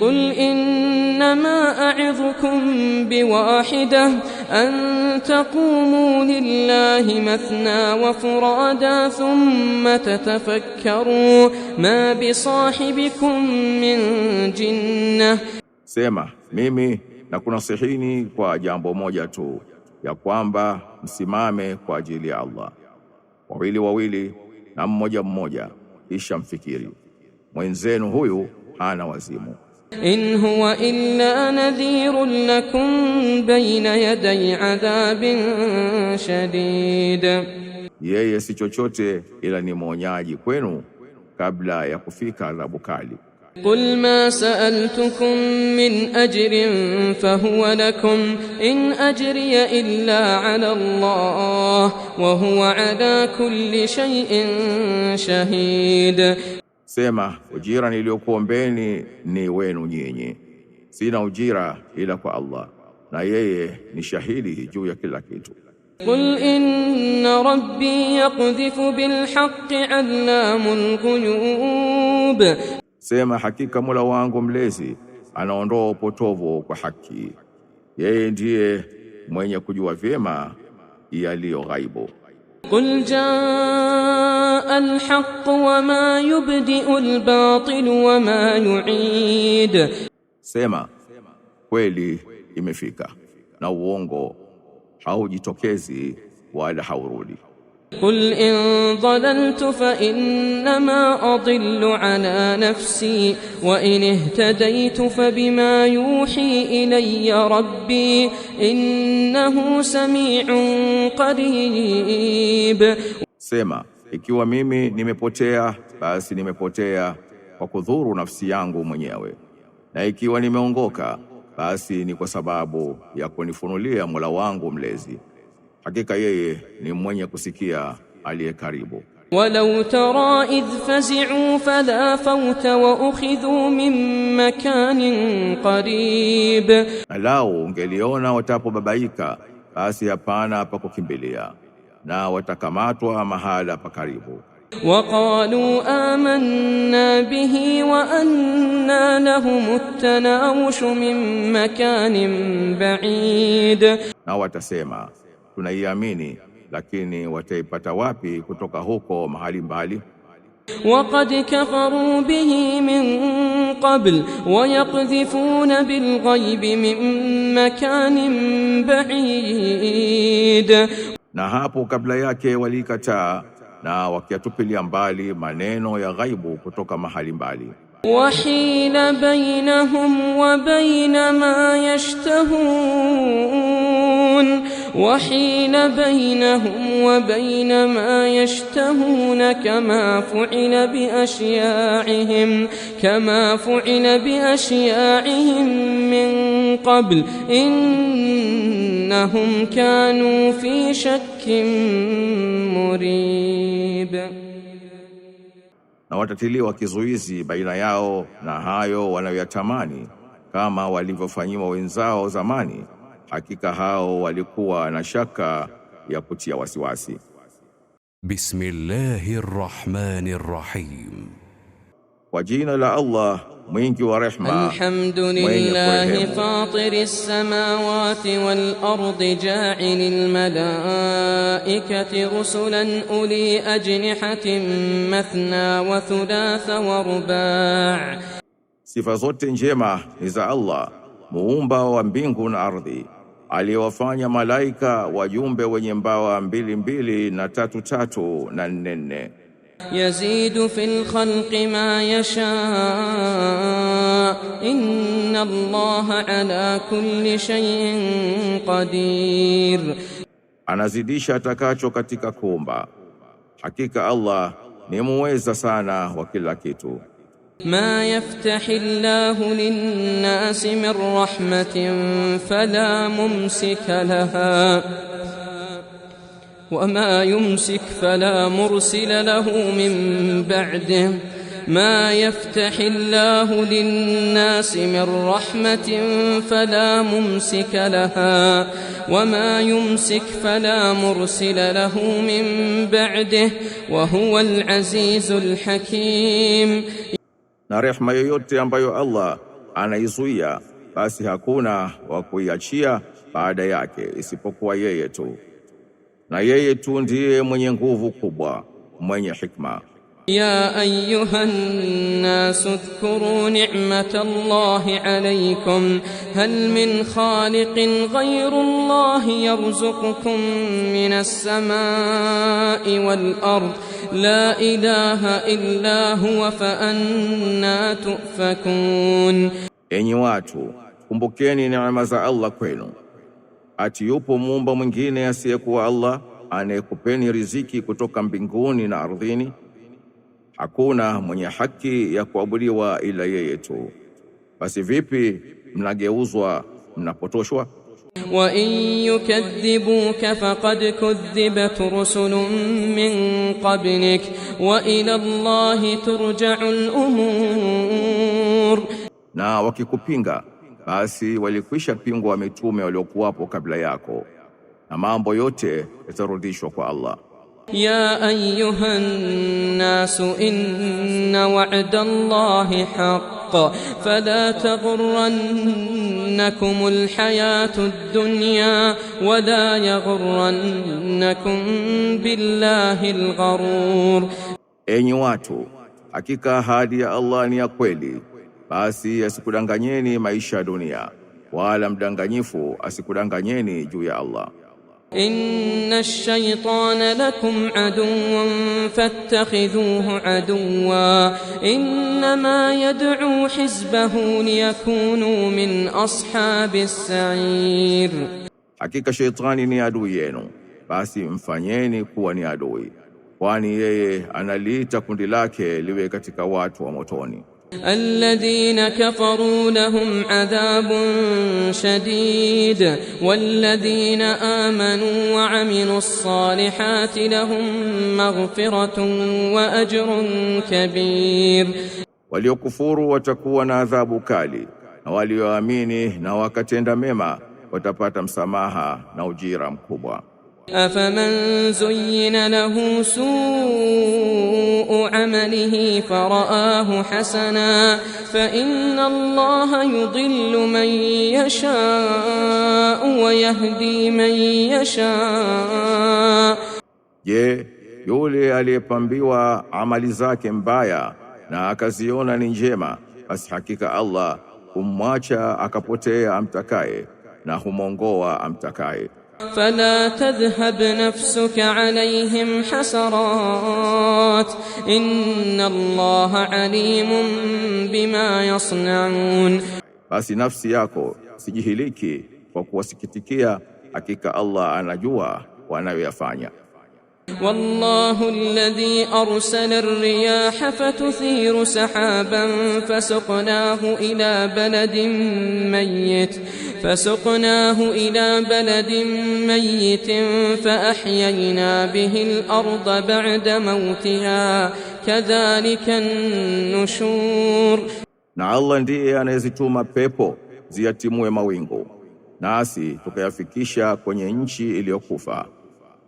قل إنما أعظكم بواحدة أن تقوموا لله مثنى وفرادا ثم تتفكروا ما بصاحبكم من جنة Sema, mimi na kunasihini kwa jambo moja tu, ya kwamba msimame kwa ajili ya Allah wawili wawili na mmoja mmoja, kisha mfikiri mwenzenu huyu hana wazimu. إن هو إلا نذير لكم بين يدي adhabin shadid, yeye si chochote ila ni mwonyaji kwenu kabla ya kufika adhabu kali. Qul ma sa'altukum min ajrin fahuwa lakum in ajriya illa 'ala Allah wa huwa 'ala kulli shay'in shahid Sema, ujira niliyokuombeni ni wenu nyinyi, sina ujira ila kwa Allah, na yeye ni shahidi juu ya kila kitu. Qul inna rabbi yaqdhifu bilhaqqi allamul ghuyub, sema hakika Mola wangu mlezi anaondoa upotovu kwa haki, yeye ndiye mwenye kujua vyema yaliyo ghaibu. قل جاء الحق وما يبدئ الباطل وما يعيد Sema kweli imefika na uongo haujitokezi wala haurudi قل إن ضللت فإنما أضل على نفسي وإن اهتديت فبما يوحي إلي ربي إنه سميع قريب Sema, ikiwa mimi nimepotea, basi nimepotea kwa kudhuru nafsi yangu mwenyewe, na ikiwa nimeongoka, basi ni kwa sababu ya kunifunulia Mola wangu mlezi hakika yeye ni mwenye kusikia aliye karibu. walau tara idh fazi'u fala fawta wa ukhidhu min makanin qarib, lau ungeliona watapobabaika, basi hapana pa kukimbilia na watakamatwa mahala pa karibu. waqalu amanna bihi wa anna lahum tanawush min makanin ba'id, na watasema tunaiamini, lakini wataipata wapi kutoka huko mahali mbali? Waqad kafaru bihi min qabl wa yaqdhifuna bil ghaibi min makanin ba'id, na hapo kabla yake walikataa na wakiatupilia mbali maneno ya ghaibu kutoka mahali mbali. Wahila bainahum wa baina ma yashtahun وحيل بينهم وبين ما يشتهون كما فعل بأشياعهم كما فعل بأشياعهم من قبل إنهم كانوا في شك مريب na watatiliwa kizuizi baina yao na hayo wanayoyatamani kama walivyofanyiwa wenzao zamani hakika hao walikuwa na shaka ya kutia wasiwasi. Bismillahir Rahmanir Rahim, kwa jina la Allah mwingi wa rehma. Alhamdulillahi fatiris samawati wal ardi ja'ilil malaikati rusulan uli ajnihatin mathna wa thulatha wa ruba', sifa zote njema ni za Allah muumba wa mbingu na ardhi aliyowafanya malaika wajumbe wenye mbawa mbili mbili na tatu tatu na nne nne. Yazidu fil khalqi ma yasha inna Allaha ala kulli shay'in qadir, anazidisha atakacho katika kuumba, hakika Allah ni muweza sana wa kila kitu. ما يفتح الله للناس من رحمة فلا ممسك لها وما يمسك فلا مرسل له من بعده ما يفتح الله للناس من رحمة فلا ممسك لها وما يمسك فلا مرسل له من بعده وهو العزيز الحكيم na rehma yoyote ambayo Allah anaizuia basi hakuna wa kuiachia baada yake isipokuwa yeye tu, na yeye tu ndiye mwenye nguvu kubwa, mwenye hikma. يا أيها الناس اذكروا نعمة الله عليكم هل من خالق غير الله يرزقكم من السماء والأرض لا إله إلا هو فأنا تؤفكون Enyi watu kumbukeni neema za Allah kwenu ati yupo muumba mwingine asiyekuwa Allah anayekupeni riziki kutoka mbinguni na ardhini hakuna mwenye haki ya kuabudiwa ila yeye tu. Basi vipi mnageuzwa, mnapotoshwa? wa in yukadhibuka faqad kudhibat rusulun min qablik wa ila Allahi al umur, na wakikupinga basi walikwisha pingwa mitume waliokuwapo kabla yako na mambo yote yatarudishwa kwa Allah. يا أيها الناس إن وعد الله حق فلا تغرنكم الحياة الدنيا ولا يغرنكم بالله الغرور Enyi watu, hakika ahadi ya Allah ni ya kweli, basi asikudanganyeni maisha ya dunia, wala mdanganyifu asikudanganyeni juu ya Allah. إن الشيطان لكم عدو فاتخذوه عدوا إنما يدعو حزبه ليكونوا من أصحاب السعير Hakika sheitani ni adui yenu, basi mfanyeni kuwa ni adui, kwani yeye analiita kundi lake liwe katika watu wa motoni. الذين كفروا لهم عذاب شديد والذين آمنوا وعملوا الصالحات لهم مغفرة وأجر كبير وليكفروا وتكوا عذاب كالي وليؤمنوا وكتند مما وتفات مسماها نوجيرا كُبْرًا أفمن زين له سوء عمله فرآه حسنا فإن الله يضل من يشاء ويهدي من يشاء Je, yule aliyepambiwa amali zake mbaya na akaziona ni njema, basi hakika Allah humwacha akapotea amtakaye na humwongoa amtakaye. فلا تذهب نفسك عليهم حسرات إن الله عليم بما يصنعون بس نفسي ياكو سجهليكي وكوسكتكيا أكيك الله أنا جوا وأنا يفعني والله الذي أرسل الرياح فتثير سحابا فسقناه إلى بلد ميت فسقناه إلى بلد ميت فأحيينا به الأرض بعد موتها كذلك النشور na Allah ndiye anayezituma pepo ziyatimue mawingu nasi tukayafikisha kwenye nchi iliyokufa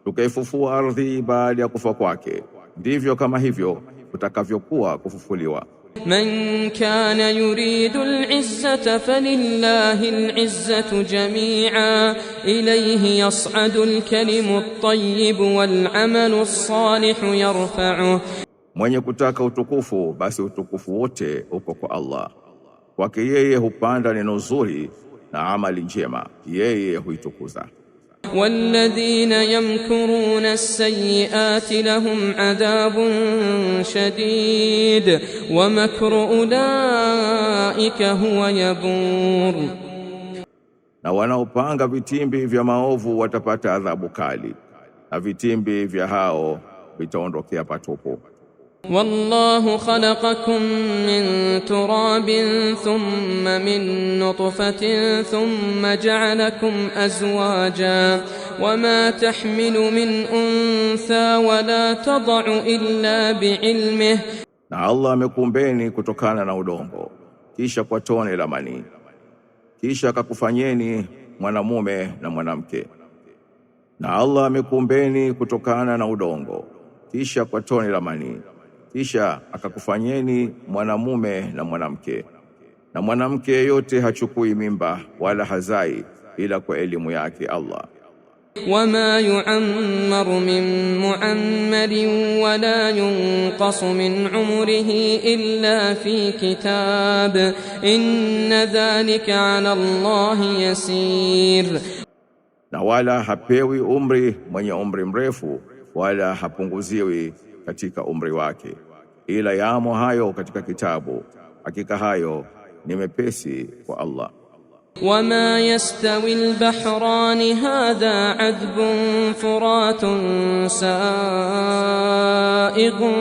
tukaifufua ardhi baada ya kufa kwake, ndivyo kama hivyo kutakavyokuwa kufufuliwa. Man kana yuridu al-izzata falillahi al-izzatu jami'a ilayhi yas'adu al-kalimu at-tayyib wal-amalu as-salihu yarfa'u, mwenye kutaka utukufu basi utukufu wote uko kwa Allah, kwake yeye hupanda neno zuri na amali njema, yeye huitukuza. والذين يمكرون السيئات لهم عذاب شديد ومكر أولئك هو يبور na wanaopanga vitimbi vya maovu watapata adhabu kali na vitimbi vya hao vitaondokea patupu والله خلقكم من تراب ثم من نطفة ثم جعلكم أزواجا وما تحمل من أنثى ولا تضع إلا بعلمه na Allah amekumbeni كتوكانا na udongo kisha kwa tone la manii kisha akakufanyeni mwanamume na mwanamke na Allah amekumbeni kutokana na udongo kisha kwa tone la manii kisha akakufanyeni mwanamume na mwanamke. Na mwanamke yeyote hachukui mimba wala hazai ila kwa elimu yake Allah. Wama yuammaru min muammarin wala yunqasu min umrihi illa fi kitab inna dhalika ala Allahi yasir, na wala hapewi umri mwenye umri mrefu wala hapunguziwi katika umri wake, ila yamo hayo katika kitabu, hakika hayo ni mepesi kwa Allah. wama yastawi albahrani hadha adbun furatun saigun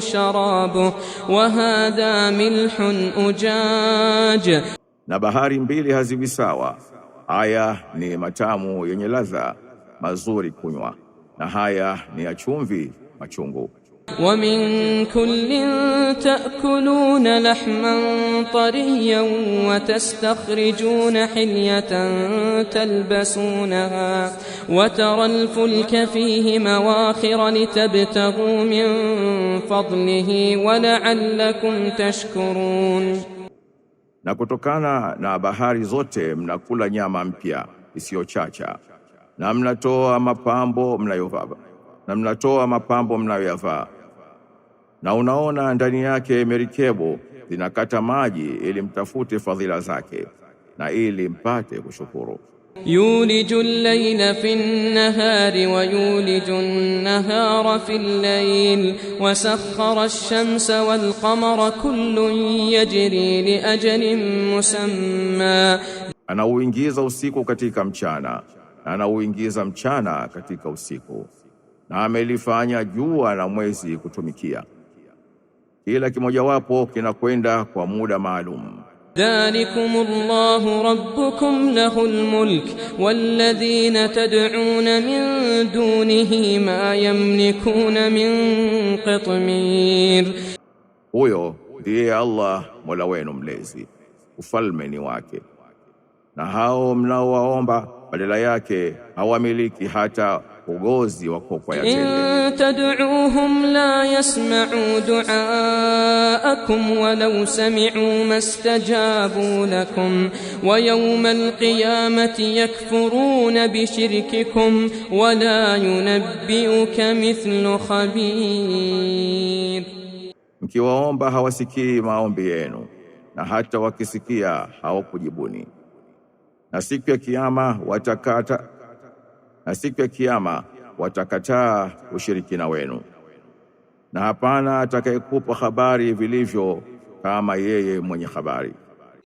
sharabuh wa hadha milhun ujaj, na bahari mbili haziwi sawa. Haya ni matamu yenye ladha mazuri kunywa, na haya ni ya chumvi machungu ومن كل تأكلون لحما طريا وتستخرجون حلية تلبسونها وترى الفلك فيه مواخر لتبتغوا من فضله ولعلكم تشكرون na kutokana na bahari zote mnakula nyama mpya isiyochacha na mnatoa mapambo mnayovaa na mnatoa mapambo mnayoyavaa na unaona ndani yake merikebu zinakata maji ili mtafute fadhila zake na ili mpate kushukuru. yuliju llaila fi nnahari wa yuliju nnahara fi llail wa sakhara ash-shamsa wal qamara kullun yajri li ajalin musamma, anauingiza usiku katika mchana na anauingiza mchana katika usiku na amelifanya jua na mwezi kutumikia kila kimojawapo kinakwenda kwa muda maalum. Allahu rabbukum lahul mulk walladhina tad'un min dunihi ma yamlikun min qitmir, huyo ndiye Allah Mola wenu mlezi, ufalme ni wake, na hao mnaowaomba badala yake hawamiliki hata ugozi wako kwa yatende. In tad'uuhum la yasma'u du'aakum walau sami'u mastajabu lakum wa yawmal qiyamati yakfuruna bi shirkikum wa la yunabbi'uka mithlu khabir, mkiwaomba hawasikii maombi yenu na hata wakisikia hawakujibuni, na siku ya Kiyama watakata na siku ya Kiyama watakataa ushirikina wenu, na hapana atakayekupa habari vilivyo kama yeye mwenye habari.